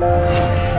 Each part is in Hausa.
Thank you.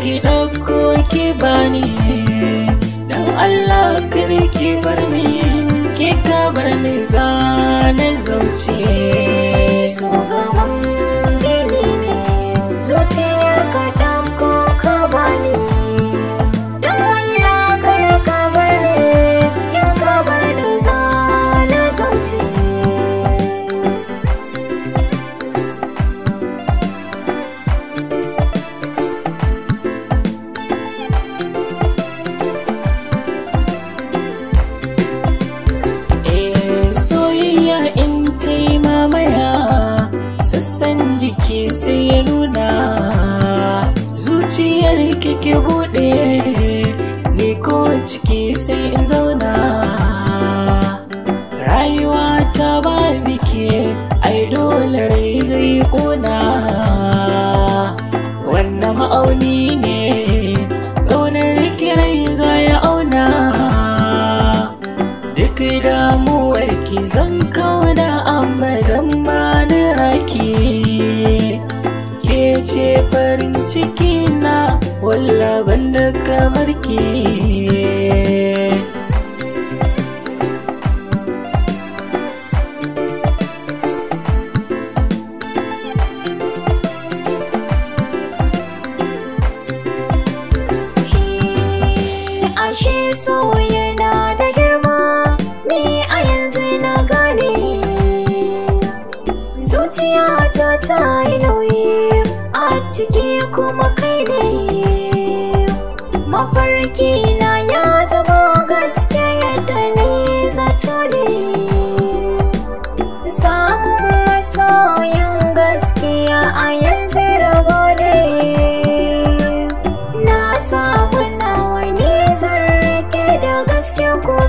ki ɗauko ki bani dan Allah ki bar ni ke ka bar ni zanen zauce so zaman jini ne zuciyar ka hanyar kike buɗe ni ko ciki sai in zauna rayuwa ta ba bike ai dole zai kona wannan ma'auni ne ƙaunar kirai za ya auna duk damuwar ki zan kauna amma dan ba na raki ke ce farin ciki na walla banda kamar ki Ashe soya zuciya ta ta yi nauyi a ciki kuma kai ne mafarki na ya zama gaske yadda ni zato ne samun masoyin gaskiya a yanzu rabo ne na samu nawa ne zan rike da gaske ko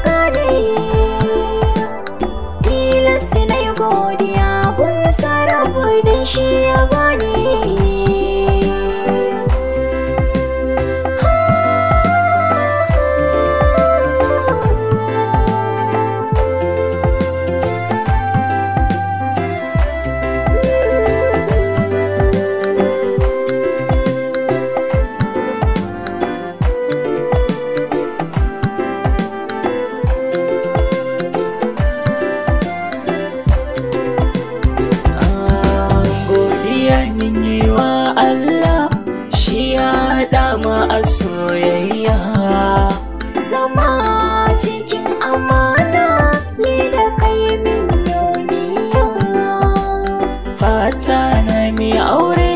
rana mai aure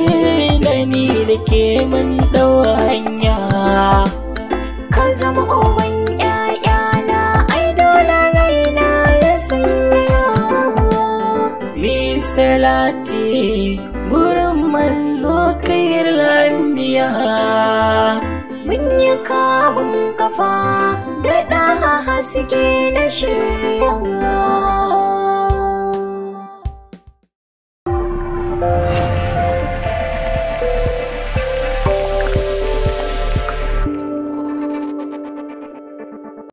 da ni da ke mun dau hanya ka zama uban ƴaƴana ai dole raina ya sanya mi salati gurin manzo kai lambiya mun yi kamun kafa da ɗaha haske na shirya